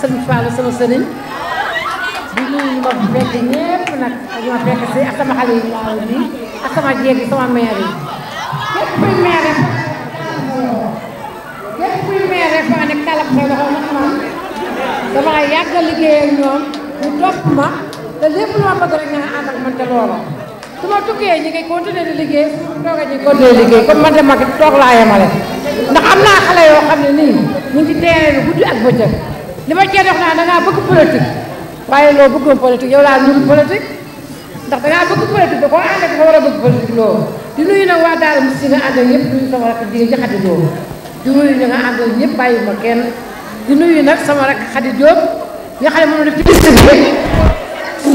sëriñ Fallou sama sëriñ di nuyu ma fekk ñëpp nag ak ma fekk si ak xale yi laaw bi ak sama jeeg yi sama maire yi képp kuy maire képp kuy maire fa ne kàlla bu xew yàgg a liggéey ak ñoom ñu topp ma te lépp lu ma bëgg rek nga ànd ak man te su ma tukkee ñi ngay continuer di liggéey su ma toogee ñi continuer liggéey kon man mag toog laa yemale ndax am naa xale yoo xam ne nii ñu ngi ci terrain bi guddi ak bëccëg li ma cee dox naa dangaa bëgg politique waaye loo bëggoon politique yow laa ñun bëgg politique da koo ànd ak nga war a bëgg politique loo di nuyu nag waa daara mos si nga àndal ñëpp duñu sama rakk jigéen ñi xadi Diop di nuyu ñu nga àndal ñëpp bàyyi ma kenn di nuyu nag sama rakk xadi Diop nga xam ne moom def ci bis bi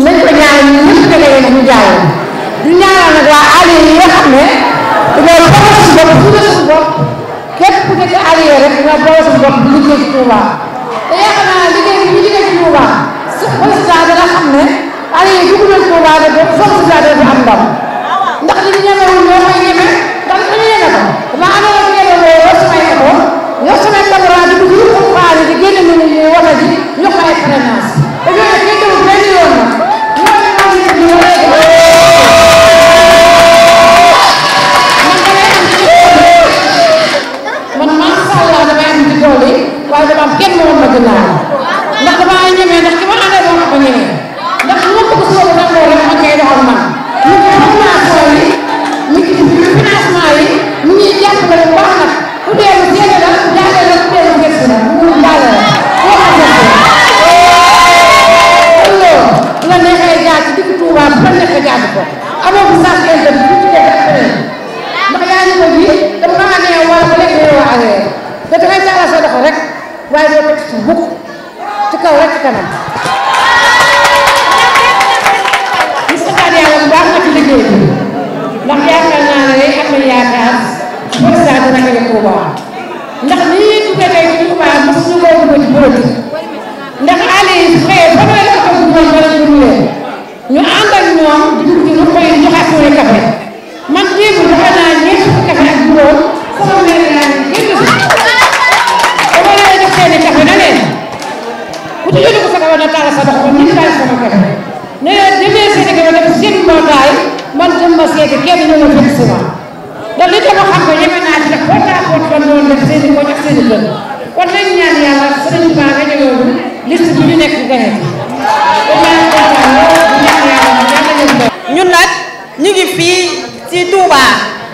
nañ ko ñaanal ñu da ngay nag waa allié yi nga xam ne dañoo boole sa bopp bu sa bopp képp ku rek nga boole sa bopp bu liggéey ci Touba te yaakaar naa liggéey bi bu ñu jógee ci Touba résultat dana xam ne année yii dugg nañ Touba de ba foofu résultat dana fi am ndam ndax li ñu ñemewul ñoo koy ñeme ndax li ñu ñeme ko damaa amee woon ñeme loolu yor samay école yor samay programme di dugg ci Touba di génne ñu ne ñu war a ji ñu jox ko ay parrainage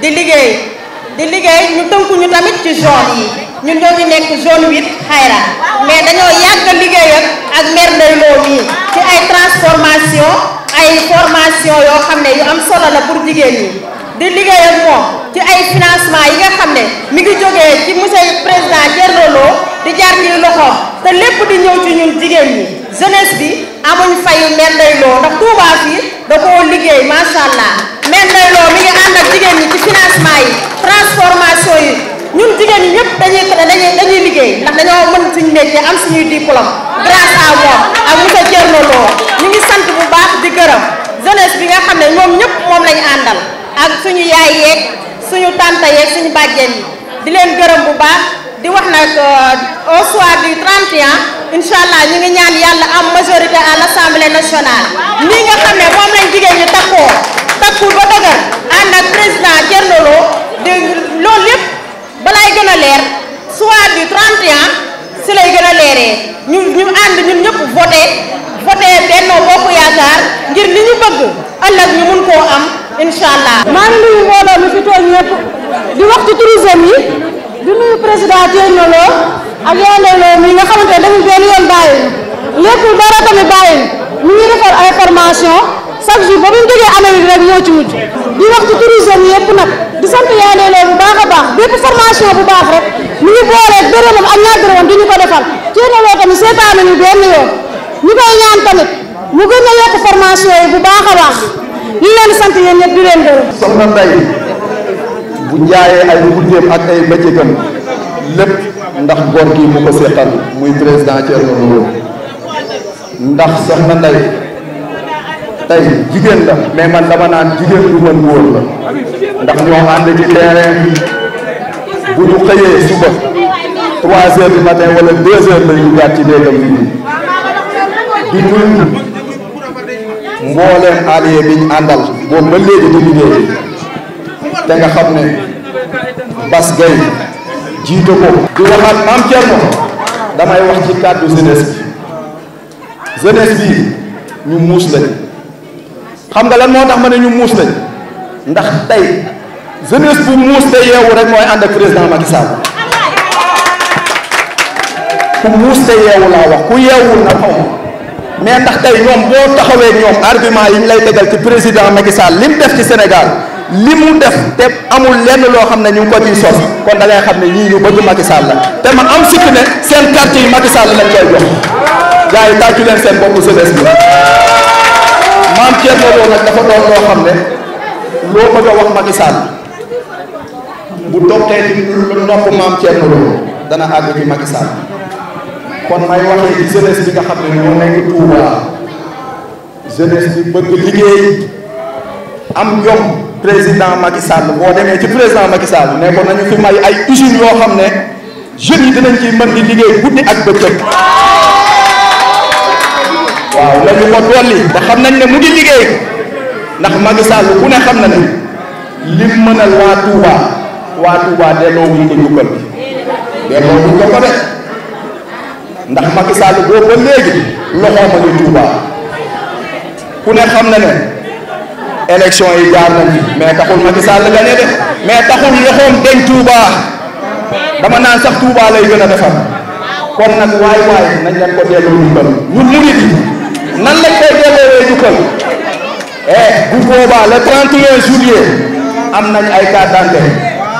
di liggéey di liggéey ñu tënku tamit ci zone yi ñun ñoo ngi nekk zone huit xayra mais dañoo yàgg liggéey ak maire mii ci ay transformation ay formation yoo xam ne yu am solo la pour jigéen ñi di liggéey moom ci ay financement yi nga xam ne mi ngi jógee ci monsieur président Thierno di jaar ñuy loxo te lépp di ñëw ci ñun jigéen ñi jeunesse bi amuñ fayu maire ndax Touba fii da liggéey macha allah mais Ndeye Lo mi ngi ànd ak jigéen ñi ci financement yi transformation yi ñun jigéen ñi ñëpp dañuy dañuy dañuy liggéey ndax dañoo mën suñu métier am suñuy diplôme grâce à moom ak monsieur Thierno Lo ñu ngi sant bu baax di gërëm jeunesse bi nga xam ne ñoom ñëpp moom lañu àndal ak suñu yaay yeeg suñu tante yeeg suñu bàjjen yi di leen gërëm bu baax di wax nag euh, au soir du incha allah ngi ñaan yàlla am majorité à assemblée nationale nii nga xam ne moom lañ jigéen ñi takkoo takku ba dëgër ànd ak président Thierno Lo de loolu yëpp balay gën a leer soir du 31 si lay gën a leeree ñu ñu ànd ñun ñëpp voté voté Benno Bokk Yaakaar ngir li ñu bëgg ëllëg ñu mun koo am incha maa ngi nuyu mbooloo fi toog ñëpp di wax ci yi. di nuyu président Thierno Lo ak Yandé Lo mi nga xamante ne dañu benn yoon bàyyi lépp dara tamit bàyyi ñu ngi defar ay formation chaque jour ba bu ñu jógee Amérique rek ñoo ci mujj di wax ci tourisme yëpp nag di sant Yandé Lo bu baax a baax bépp formation bu baax rek mu ngi booleeg dërëmam ak ñaar dërëmam di ñu ko defal Thierno Lo tamit seetaanu ñu benn yoon ñu koy ñaan tamit mu gën a yokk formation yi bu baax a baax ñu leen sant yéen ñëpp di leen gërëm. soxna Ndeye. bu njaayee ay wutteem ak ay bëccëgam lépp ndax góor gi mu ko seqal muy président Thierno Loum ndax soxna Ndey tey jigéen la mais man dama naan jigéen du mën góor la ndax ñoo ànd ci terrain bi bu ñu xëyee suba trois heures du matin wala deux heures la ñu gàtt ci déegam bi di nuyu mbooleem allié bi ñu àndal boobu ba léegi di liggéey te nga xam ne Bass Gueye jiite ko di waxaat maam Thierno damay wax ci kàddu jeunesse bi jeunesse bi ñu muus lañ xam nga lan moo tax ma ne ñu muus lañ ndax tey jeunesse bu muus te yeewu rek mooy ànd ak président Macky ku muus te yeewu laa wax ku yeewul na xaw mais ndax tey ñoom boo taxawee ñoom argument yi ñu lay degal ci président Macky Sall li mu def ci Sénégal li mu def te amul lenn loo xam ne ñu ngi ko ciy sos kon da xam ne ñii ñu bëgg Macky Sall la te ma am sikk ne seen quartier yi Macky Sall lañ jox gars yi tàccu leen seen bopp jeunesse bi maam Thierno Lo nag dafa doon wax Macky Sall bu dogtee ci nopp maam Thierno Lo dana àgg ci Macky kon may waxee ci bi nga xam ne ñoo nekk Touba jeunesse bi bëgg liggéey am jom président Macky Sall boo demee ci président Macky Sall ne ko nañu fi may ay usines yoo xam ne jeunes yi dinañ ciy mën di liggéey guddi ak bëccëg waaw nañu ko dolli te xam nañ ne mu ngi liggéey ndax Macky Sall ku ne xam na ne lim mënal waa Touba waa Touba delloo wuñ ko njukkal bi delloo wuñ ko ko de ndax Macky Sall boobu ba léegi loxoom a ngi Touba ku ne xam na ne. élection yi jaar na mais taxul Macky Sall gagné de mais taxul loxoom deñ Touba dama naan sax la lay gën a defar kon nag waay waay nañ leen ko delloo jukkal ñun murid yi nan lañ koy delloowee jukkal eh bu boobaa le 31 juillet am nañ ay carte d'identité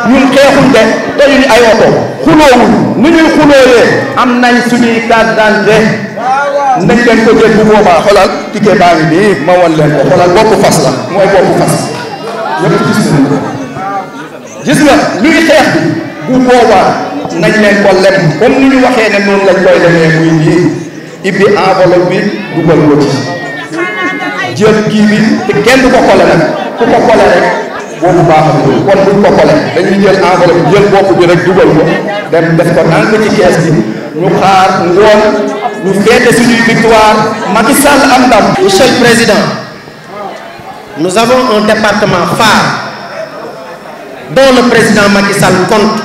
ñun xeexuñ de teyuñ ay oto xuloowuñ ni ñuy xulooyee am nañ suñuy carte d'identité nañ leen ko jël bu boobaa xoolal ticket baa nii ma wan leen ko xoolal boppu fas la mooy boppu fas ñëpp gis nañ ko gis nga luy xeex bu boobaa nañ leen ko lem comme ni ñu waxee ne noonu lañ koy demee muy nii ibbi enveloppe bi dugal ko ci jël kii bi te kenn du ko kole nag ku ko kole rek boobu baaxul kon buñ ko kole dañuy jël enveloppe jël bopp bi rek dugal ko dem def ko nànk ci kees bi ñu xaar ngoon ñu féete président nous avons un département phare dont le président Macky Sall compte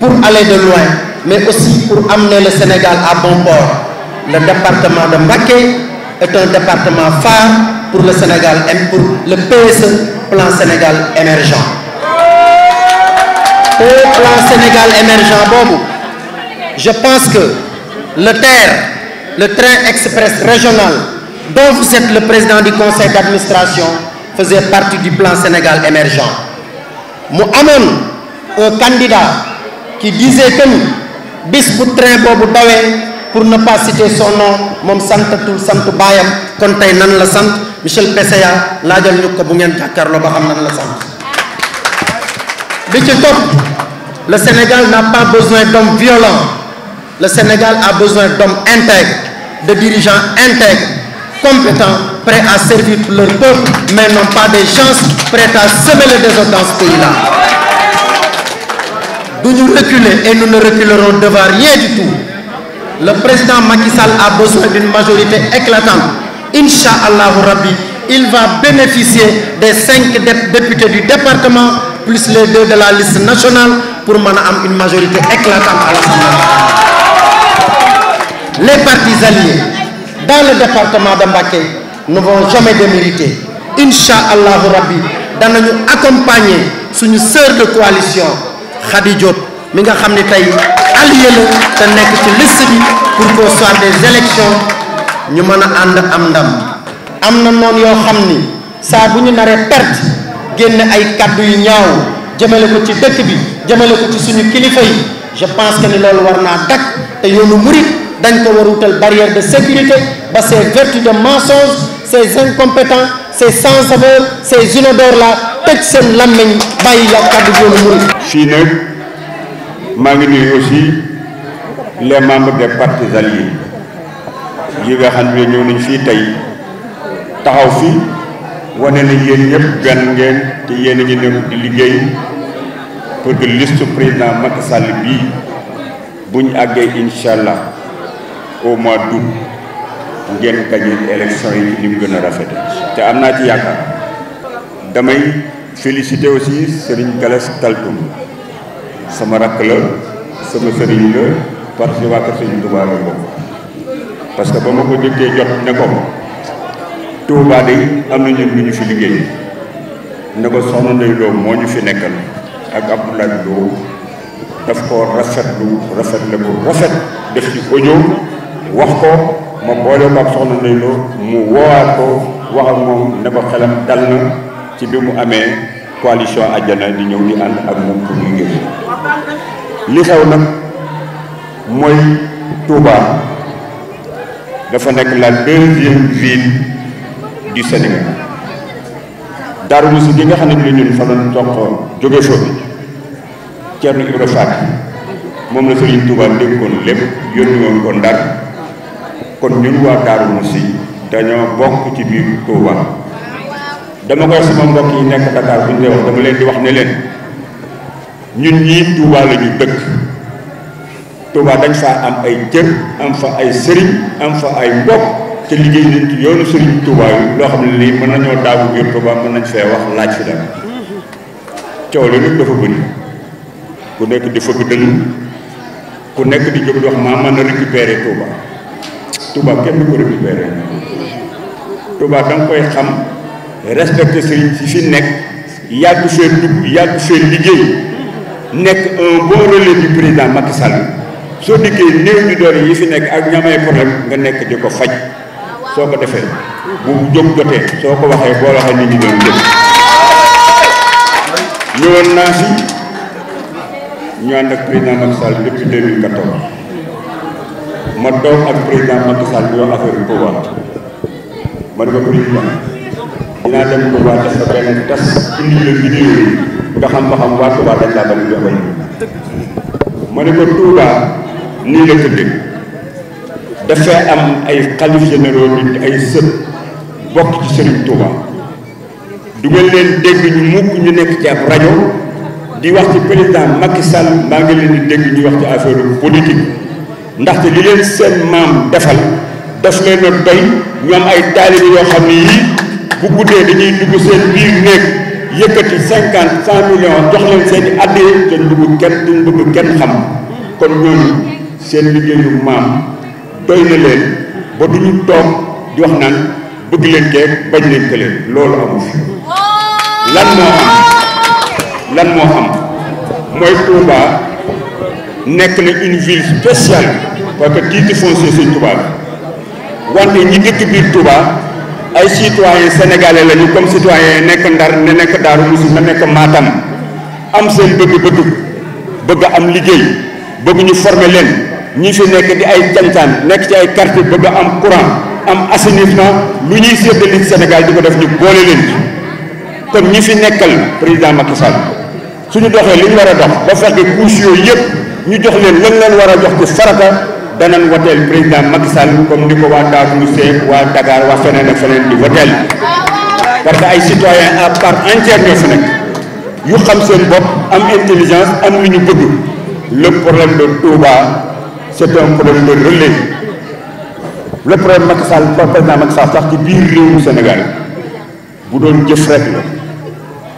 pour aller de loin mais aussi pour amener le Sénégal à bon port le département de Mbacké est un département phare pour le Sénégal et pour le PSE plan Sénégal émergent te plan Sénégal émergent boobu je pense que le TER, le train express régional, dont vous êtes le président du conseil d'administration, faisait partie du plan Sénégal émergent. Mu amoon un candidat qui disait que bis bu train boobu dawee pour ne pas citer son nom moom santatul sant baayam kon tey nan la sant monsieur le laajal ñu ko bu ngeen jàkkaarloo ba xam nan la sant bi ci topp le Sénégal n'a pas besoin d'hommes violents Le Sénégal a besoin d'hommes intègres, de dirigeants intègres, compétents, prêts à servir leur peuple, mais non pas des gens prêts à semer le désordre dans ce pays-là. Nous reculer et nous ne reculerons devant rien du tout. Le président Macky Sall a besoin d'une majorité éclatante. Inch'Allah Rabbi, il va bénéficier des cinq députés du département, plus les deux de la liste nationale, pour maintenant une majorité éclatante à l'Assemblée. les partis alliés dans le département de Mbacké ne vont jamais démériter incha allahu rabbi danañu accompagner suñu sœur de coalition Khady Diop mi nga xam ni tey allié la te nekk ci liste bi pour qu'au soir des ñu mën a ànd am ndam am na noon yoo xam ni saa bu ñu naree perte génn ay kàddu yu ñaawu jëmale ko ci dëkk bi jëmale ko ci suñu kilifa yi je pense que ni loolu war naa dakk te yoonu murit dañ ko war wutal barrière de sécurité ba ces vertus de mensonge ces incompétents ces sans-saveur ces inodores là tëj seen làmmiñ bàyyi la kàddu yoonu murid fii nag maa ngi nuyu aussi les membres des partis alliés yi nga xam ne ñëw nañ fii tey taxaw fii wane nañ yéen ñëpp benn ngeen te yéen a ngi nekk di liggéey pour que liste président Macky Sall bii ñu àggee incha allah au mois d'août ngeen gagné élection yi ci ni gën a rafete te am naa ci yaakaar damay féliciter aussi Serigne Galas Taltoum sama rakk la sama sëriñ la parce que waa Kër Serigne Touba la parce que ba ma ko jëkkee jot ne ko Touba day am na ñun lu ñu fi liggéey ne ko soxna Ndeye Lo moo ñu fi nekkal ak Abdoulaye Lo daf ko rafetlu rafet la ko rafet def ci audio wax ko ma boole ko ak soxna Ndeye mu woowaat ko wax ak moom ne ko xelam dal na ci bi mu amee coalition Adiana di ñëw di ànd ak moom pour ñu ngir li xew nag mooy Touba dafa nekk la deuxième ville du Sénégal Darou nga xam ne bi ñun fa doon toq jóge foofu Thierno Ibrahima Fall moom la Serigne Touba déggoon lépp yónni woon ko Ndar kon ñun waa Daaru Muxti dañoo bokk ci biir Touba dama koy sama mbokk yi nekk Dakar bu ñu koy dama leen di wax ne leen ñun ñii Touba la ñu dëkk Touba dañ faa am ay jër am fa ay sëriñ am fa ay mbokk te liggéey nañ yoonu sëriñ Touba yi loo xam ne lii mën nañoo daagu biir Touba mën nañ fee wax laaj fi dem coow li nag dafa bëri ku nekk di fëgg dënnu ku nekk di jóg di wax maa mën a récupérer Touba. Touba kenn du ko récupéré Touba da nga koy xam respecté si fi nekk yàgg fee dugg yàgg fee liggéey nekk un bon relais du président Macky Sall soo dikkee néew di doole yi fi nekk ak ñamay problème nga nekk di ko faj soo ko defee bu jóg jotee soo ko waxee boo waxee nit ñi doon jëm ñëwoon naa fi ñu ànd ak président Macky Sall depuis 2014 ma toog ak président Macky Sall bi wax affaire Touba ma ne ko président dinaa dem Touba def sa benn tas indi la vidéo yi nga xam ba xam waa Touba dañ laa bañ a joxe ma ne ko Touba nii la tëddee dafay am ay xalif généraux nit ay sët bokk ci Serigne Touba du nga leen dégg ñu mukk ñu nekk ci ab rajo di wax ci président Macky Sall maa ngi leen di dégg ñu wax ci affaire politique. ndax ndaxte li leen seen maam defal daf leen a doy ñoom ay taalibe yoo xam ne yii bu guddee dañuy dugg seen biir néeg yëkkati cinquante cent millions jox leen seen i addee te dugg kenn duñ bëgg kenn xam kon ñooñu seen liggéeyu maam doy na leen ba du ñu toog di wax naan bëgg leen kee bañ leen ko loolu amu lan moo am lan moo am mooy Touba. nekk na une ville spéciale parce que titre foncier Sëñ Touba wante ñi dëkk biir Touba ay citoyen sénégalais la ñu comme citoyen nekk Ndar ne nekk Daaru Musi na nekk Matam am seen bëgg-bëgg bëgg am liggéey bëgg ñu former leen ñi fi nekk di ay cancaan nekk ci ay quartier bëgg am courant am assainissement lu ñuy séddale senegal di ko def ñu boole leen ci kon ñi fi nekkal président Macky suñu doxee li ñu war a dox ba fexe couche yooyu yëpp ñu jox leen lan leen war a jox ci saraka danañ woteel président Macky Sall comme ni ko waa Darou Moukhty waa Dakar waa feneen ak feneen di woteel parce que ay citoyen à part entière ñoo yu xam seen bopp am intelligence am lu ñu bëgg le problème de Touba c' est problème de relais le problème Macky Sall président Macky Sall sax ci biir réewum Sénégal bu doon jëf rek la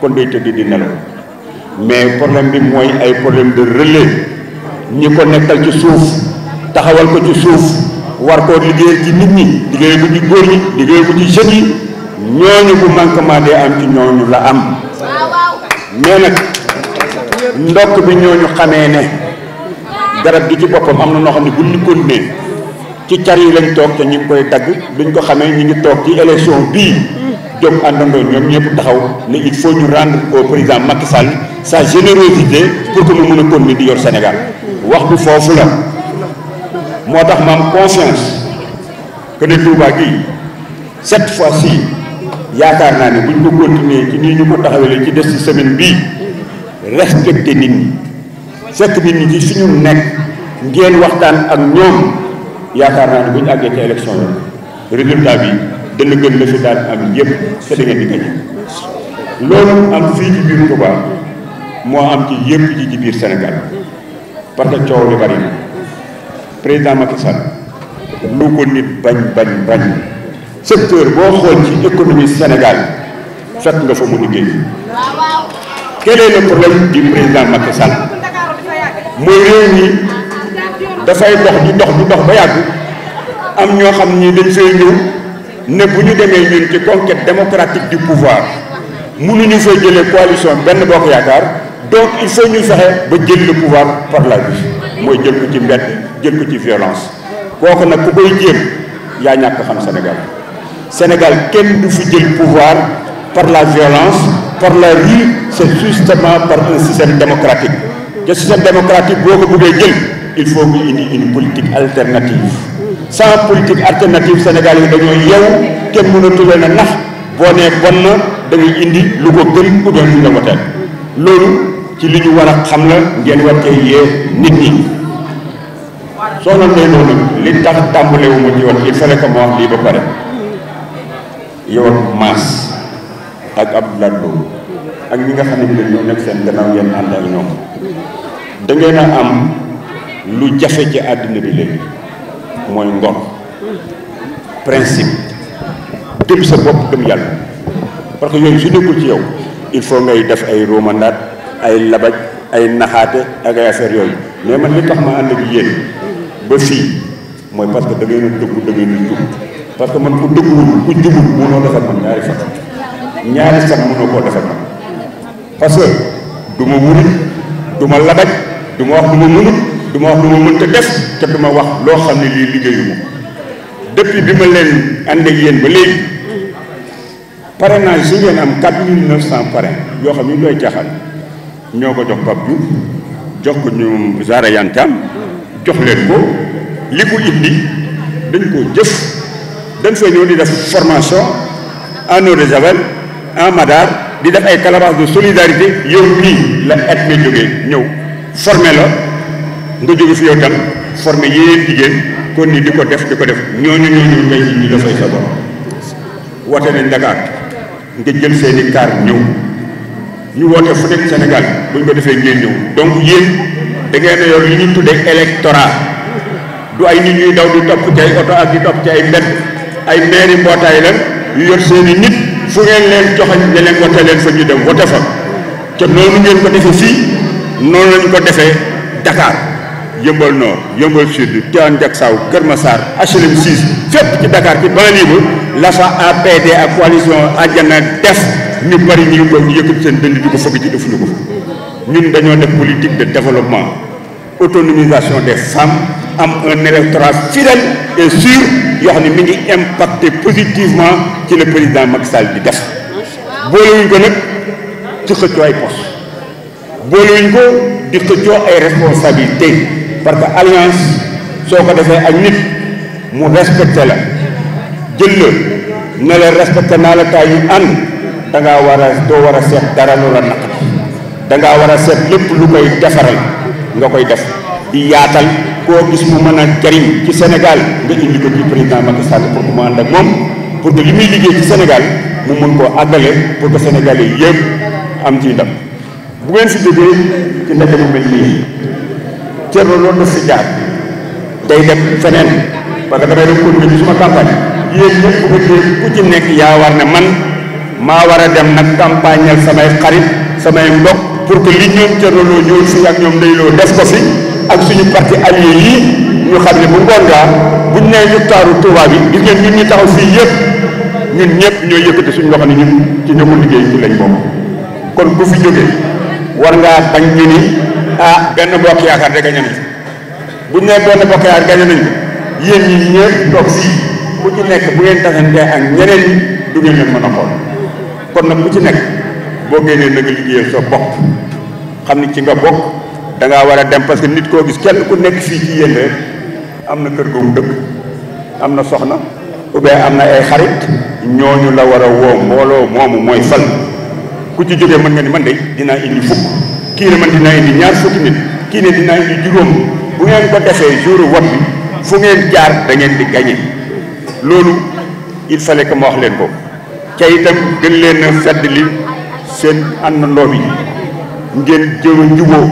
kon day tëdd di nelaw mais problème bi mooy ay problème de relais ñi ko nekkal ci suuf taxawal ko ci suuf war koo liggéeyal ci nit ñi liggéey ko ci góor ñi liggéeyal ko ci jeunes yi ñooñu bu manquement dee am ci ñooñu la am mais nag ndokk bi ñu xamee ne garab gi ci boppam am na noo xam ne bu ñu continuer ci car yi lañ toog te ñu ngi koy dagg duñ ko xamee ñu ngi toog ci élection bii jóg àndandoo ñoom ñëpp taxaw ne il foo ñu rendre au président Macky Sall sa générosité pour que mu mën a continuer di yor senegal wax bi foofu la moo tax ma am conscience que ne Touba gii fois si yaakaar naa ne buñ ko continuer ci nii ñu ko taxawale ci des ci semaine bii respecté nit ñi set nit ñi ci suñu nekk ngeen waxtaan ak ñoom yaakaar naa ne buñ àggee ci élection yi résultat bi dana gën la fi daan am yëpp te da ngeen di gañe loolu am fii ci biir Touba moo am ci yëpp ci ci biir senegal parce que coow li bari na président Macky Sall lu ko nit bañ bañ bañ secteur boo xool ci économie Sénégal fekk nga fa mu liggéey quel est le problème du président Macky Sall mooy réew mi dafay dox di dox di dox ba yàgg am ñoo xam ni dañ fay ñëw ne bu ñu demee ñun ci conquête démocratique du pouvoir mënuñu fay jëlee coalition benn bokk yaakaar donc il faut ñu fexe ba jël le pouvoir par la vie mooy jël ko ci mbedd jël ko ci violence kooku nag ku koy jéem yaa ñàkk xam Sénégal Sénégal kenn du fi jël pouvoir par la violence par la rue sa justement par un système démocratique te système boo ko bëggee jël il faut que indi une politique alternative sans politique alternative Sénégal yi dañoo yeewu kenn mënatu a nax boo nee bon na da indi lu ko gën ou bien lu ñu woteel loolu ci li ñu war a xam na ngeen war cee yee nit ñi soo na Lo nag li tax tàmbale wu ma ci wax il fallait que ma wax lii ba pare yow ak ak ab Lo ak ñi nga xam ne ñoo nekk seen gannaaw ngeen ànd ak ñoom da a am lu jafe ci àddina bi léegi mooy ngor principe gëm sa bopp gëm yàlla parce que yooyu su nekkul ci yow il faut ngay def ay romandaat ay labaj ay naxaate ak ay affaire yooyu mais man li tax ma ànd ak yéen ba fii mooy parce que da ngeen a dëgg da parce que man ku dëgguwul ku jubul mënoo defar man ñaari sax ñaari sax mënoo koo defar man parce que du ma wurit du labaj du ma wax du ma mënut wax du ma mënta def te du wax loo xam ne lii liggéeyu ma depuis bi ma leen ànd ak yéen ba léegi parrainage su ngeen am quatre mille neuf cent parrain yoo xam ne looy doy ñoo ko jox Pape Diouf jox ko ñu Zahra Iyane Thiam ko li ko indi dañ ko jëf dañ fay ñëw di def formation en eau de javel en madar di def ay calebasse de solidarité yow nii la et nga jógee ñëw formé la nga jóge fi yow tam formé yeneen jigéen kon ni di ko def di ko def ñooñu ñooñu ngay ji ñu dafay sa bopp nañ Dakar nga jël seeni kaar ñëw ñu woote fu nekk Sénégal buñ ko defee ngeen ñëw donc yéen da ngeen a yor li ñu tuddee électorat du ay nit ñuy daw di topp ci ay oto ak di topp ci ay mbedd ay maire mbootaay lan yu yor seeni nit fu ngeen leen joxañ ne leen wote leen fa ñu dem wote fa te noonu ngeen ko defee fii noonu lañ ko defee Dakar yëmbal nord yëmbal sud Tivaouane Diacksao Kër Massar HLM 6 fépp ci Dakar ci banlieue ba la fa APD ak coalition Adiana def ñu bari ñu ngi toog seen dënd di ko fëgg ci defuñu ko ñun dañoo def politique de développement autonomisation des femmes am un électorat fidèle et sûr yoo xam ne mi ngi impacté positivement ci le président Macky Sall di def boolewuñ ko nag ci xëccoo ay poste boolewuñ ko di xëccoo ay responsabilité parce que alliance soo ko defee ak nit mu respecté la jël la ne la respecté naa la taay ñu ànd danga ngaa war a doo war a seet dara lu la naq da war a seet lépp lu koy defaral nga koy def di yaatal koo gis mu mën a jariñ ci senegal nga indi ko ci président Macky Sall pour que mu ànd moom pour que muy liggéey ci Sénégal mu mën koo àggale pour que Sénégalais yëpp am ci ndam bu ngeen fi jógee ci ndaje mu mel nii Thierno loolu daf si jaar day def feneen parce que damay def continuer ci suma campagne yéen ñëpp bu ku ci nekk yaa war ne man. maa war a dem nag campagnal samay xarit samay mbokk pour que li ñoom cëraloo ñoom si ak ñoom dayloo des ko fi ak suñu parti allié yi ñu xam ne bu ngoon gaa buñ nee ñu taaru Touba bi gis ngeen ñun ñu taxaw fii yëpp ñun ñëpp ñooy yëkkati suñu loxo ne ñun ci ñëpp liggéey ci lañ bokk kon ku fi jógee war ngaa bañ ñu ni ah benn mbokk yaakaar de gañe nañ buñ nee benn mbokk yaakaar gañe nañ yéen ñi ñëpp toog fii ku ci nekk bu ngeen tasantee ak ñeneen ñi du ngeen leen mën a xool kon nag ku ci nekk boo génnee na nga liggéeyal sa bopp xam ni ci nga bokk da war a dem parce que nit koo gis kenn ku nekk fii ci yéen am na kër gu dëkk am na soxna ou am na ay xarit ñooñu la war a woo mbooloo moomu mooy fal ku ci jógee mën nga ni man de dinaa indi fukk kii ne man indi ñaar fukki nit kii ne dina indi juróom bu ngeen ko defee jour wot bi fu ngeen jaar da di gañe loolu il fallait que ma wax leen ko ca itam gën leen a feddali seen àndandoo bi ngeen jëw a njuboo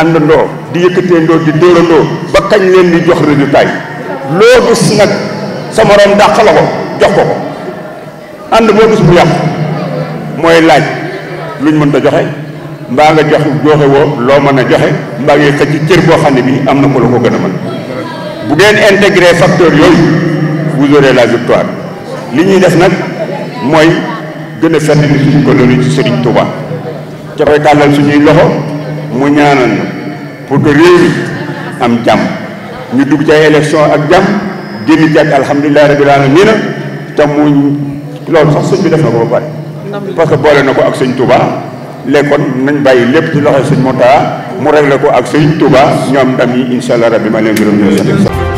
àndandoo di yëkkateendoo di dóorandoo ba kañ leen di jox résultat yi loo gis nag sama morom dàq la ko jox ko ko ànd boo gis mu yàq mooy laaj luñ mën ta joxe mbaa nga jox joxe woo loo mën a joxe mbaa ngay xëcc cër boo xam ne bii am na ko la ko gën a mën bu ngeen intégré facteur yooyu vous aurez la victoire li ñuy def nag mooy gën a fàttali suñu kóllëre ci Serigne Touba. ca koy tàllal suñuy loxo mu ñaanal pour que réew mi am jàmm ñu dugg ci ay élection ak jàmm génn ci ak alhamdulilah rabbil alamin te mu loolu sax sëñ bi def na ko ba pare. parce que boole na ko ak sëñ tubaa léegi kon nañ bàyyi lépp ci loxo sëñ Mountakha mu réglé ko ak sëñ Touba ñoom ndam yi incha allah rabbi ma leen gërëm ñoo